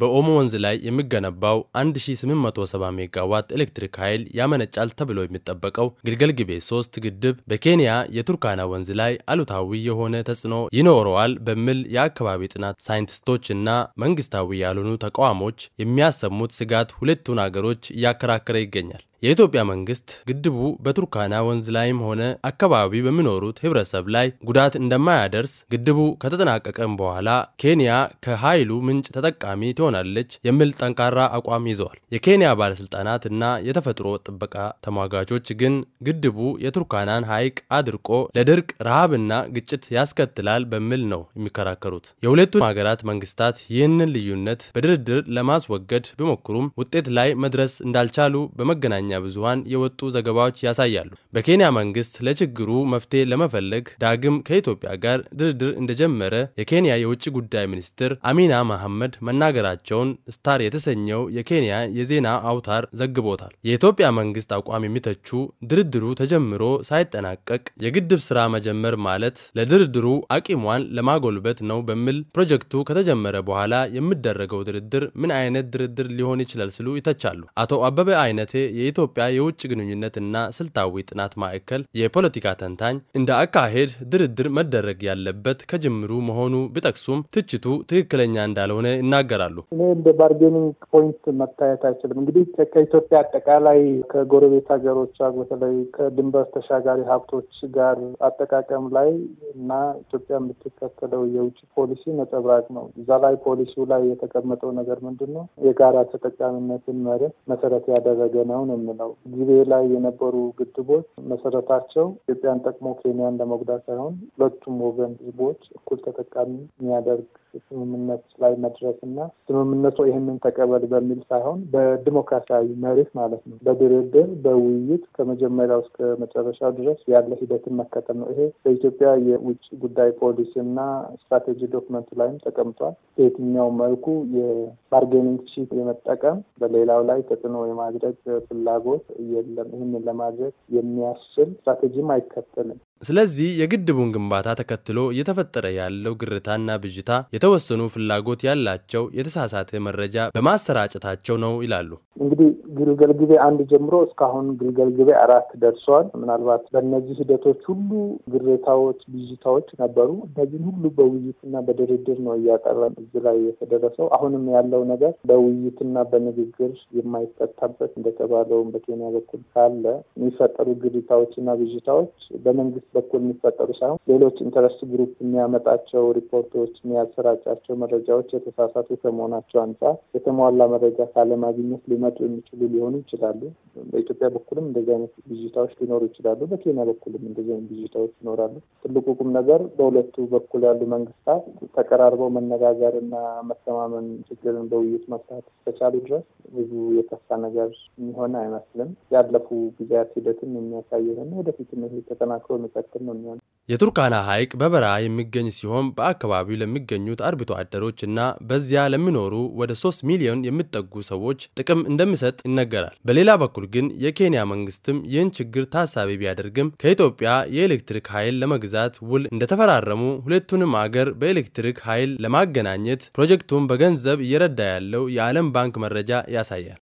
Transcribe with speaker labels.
Speaker 1: በኦሞ ወንዝ ላይ የሚገነባው 1870 ሜጋዋት ኤሌክትሪክ ኃይል ያመነጫል ተብሎ የሚጠበቀው ግልገል ግቤ 3 ግድብ በኬንያ የቱርካና ወንዝ ላይ አሉታዊ የሆነ ተጽዕኖ ይኖረዋል በሚል የአካባቢ ጥናት ሳይንቲስቶች እና መንግስታዊ ያልሆኑ ተቋሞች የሚያሰሙት ስጋት ሁለቱን አገሮች እያከራከረ ይገኛል። የኢትዮጵያ መንግስት ግድቡ በቱርካና ወንዝ ላይም ሆነ አካባቢ በሚኖሩት ህብረተሰብ ላይ ጉዳት እንደማያደርስ ግድቡ ከተጠናቀቀም በኋላ ኬንያ ከኃይሉ ምንጭ ተጠቃሚ ትሆናለች የሚል ጠንካራ አቋም ይዘዋል። የኬንያ ባለስልጣናት እና የተፈጥሮ ጥበቃ ተሟጋቾች ግን ግድቡ የቱርካናን ሐይቅ አድርቆ ለድርቅ ረሃብና ግጭት ያስከትላል በሚል ነው የሚከራከሩት። የሁለቱ ሀገራት መንግስታት ይህንን ልዩነት በድርድር ለማስወገድ ቢሞክሩም ውጤት ላይ መድረስ እንዳልቻሉ በመገናኛ ብዙሀን የወጡ ዘገባዎች ያሳያሉ። በኬንያ መንግስት ለችግሩ መፍትሄ ለመፈለግ ዳግም ከኢትዮጵያ ጋር ድርድር እንደጀመረ የኬንያ የውጭ ጉዳይ ሚኒስትር አሚና መሐመድ መናገራቸውን ስታር የተሰኘው የኬንያ የዜና አውታር ዘግቦታል። የኢትዮጵያ መንግስት አቋም የሚተቹ ድርድሩ ተጀምሮ ሳይጠናቀቅ የግድብ ስራ መጀመር ማለት ለድርድሩ አቂሟን ለማጎልበት ነው በሚል ፕሮጀክቱ ከተጀመረ በኋላ የሚደረገው ድርድር ምን አይነት ድርድር ሊሆን ይችላል ሲሉ ይተቻሉ። አቶ አበበ አይነቴ የኢትዮጵያ የውጭ ግንኙነትና ስልታዊ ጥናት ማዕከል የፖለቲካ ተንታኝ እንደ አካሄድ ድርድር መደረግ ያለበት ከጅምሩ መሆኑ ቢጠቅሱም ትችቱ ትክክለኛ እንዳልሆነ ይናገራሉ።
Speaker 2: እኔ እንደ ባርጌኒንግ ፖይንት መታየት አይችልም። እንግዲህ ከኢትዮጵያ አጠቃላይ ከጎረቤት ሀገሮች በተለይ ከድንበር ተሻጋሪ ሀብቶች ጋር አጠቃቀም ላይ እና ኢትዮጵያ የምትከተለው የውጭ ፖሊሲ ነጸብራቅ ነው። እዛ ላይ ፖሊሲው ላይ የተቀመጠው ነገር ምንድን ነው? የጋራ ተጠቃሚነትን መርህ መሰረት ያደረገ ነው ነው የምንለው ጊቤ ላይ የነበሩ ግድቦች መሰረታቸው ኢትዮጵያን ጠቅሞ ኬንያን ለመጉዳት ሳይሆን ሁለቱም ወገን ህዝቦች እኩል ተጠቃሚ የሚያደርግ ስምምነት ላይ መድረስ እና ስምምነቱ ይህንን ተቀበል በሚል ሳይሆን በዲሞክራሲያዊ መሪት ማለት ነው፣ በድርድር በውይይት ከመጀመሪያው እስከ መጨረሻው ድረስ ያለ ሂደትን መከተል ነው። ይሄ በኢትዮጵያ የውጭ ጉዳይ ፖሊሲ እና ስትራቴጂ ዶክመንት ላይም ተቀምጧል። በየትኛው መልኩ የባርጌኒንግ ቺፕ የመጠቀም በሌላው ላይ ተጽዕኖ የማድረግ ፍላ ፍላጎት የለም። ይህንን ለማድረግ የሚያስችል ስትራቴጂም አይከተልም።
Speaker 1: ስለዚህ የግድቡን ግንባታ ተከትሎ እየተፈጠረ ያለው ግርታና ብዥታ የተወሰኑ ፍላጎት ያላቸው የተሳሳተ መረጃ በማሰራጨታቸው ነው ይላሉ።
Speaker 2: እንግዲህ ግልገል ጊቤ አንድ ጀምሮ እስካሁን ግልገል ጊቤ አራት ደርሰዋል። ምናልባት በእነዚህ ሂደቶች ሁሉ ግርታዎች፣ ብዥታዎች ነበሩ። እነዚህን ሁሉ በውይይትና በድርድር ነው እያቀረ እዚህ ላይ የተደረሰው። አሁንም ያለው ነገር በውይይትና በንግግር የማይፈታበት እንደተባለውም በኬንያ በኩል ካለ የሚፈጠሩ ግርታዎችና ብዥታዎች በመንግስት በኩል የሚፈጠሩ ሳይሆን ሌሎች ኢንተረስት ግሩፕ የሚያመጣቸው ሪፖርቶች፣ የሚያሰራጫቸው መረጃዎች የተሳሳቱ ከመሆናቸው አንጻር የተሟላ መረጃ ካለማግኘት ሊመጡ የሚችሉ ሊሆኑ ይችላሉ። በኢትዮጵያ በኩልም እንደዚህ አይነት ብዥታዎች ሊኖሩ ይችላሉ። በኬንያ በኩልም እንደዚህ አይነት ብዥታዎች ይኖራሉ። ትልቁ ቁም ነገር በሁለቱ በኩል ያሉ መንግስታት ተቀራርበው መነጋገር እና መተማመን ችግርን በውይይት መፍታት እስከቻሉ ድረስ ብዙ የከፋ ነገር የሚሆን አይመስልም። ያለፉ ጊዜያት ሂደትም የሚያሳይ ሆነ ወደፊት ተጠናክሮ የሚያስቀጥል ነው የሚሆነው።
Speaker 1: የቱርካና ሐይቅ በበረሃ የሚገኝ ሲሆን በአካባቢው ለሚገኙት አርብቶ አደሮች እና በዚያ ለሚኖሩ ወደ 3 ሚሊዮን የሚጠጉ ሰዎች ጥቅም እንደሚሰጥ ይነገራል። በሌላ በኩል ግን የኬንያ መንግስትም ይህን ችግር ታሳቢ ቢያደርግም ከኢትዮጵያ የኤሌክትሪክ ኃይል ለመግዛት ውል እንደተፈራረሙ ሁለቱንም አገር በኤሌክትሪክ ኃይል ለማገናኘት ፕሮጀክቱን በገንዘብ እየረዳ ያለው የዓለም ባንክ መረጃ ያሳያል።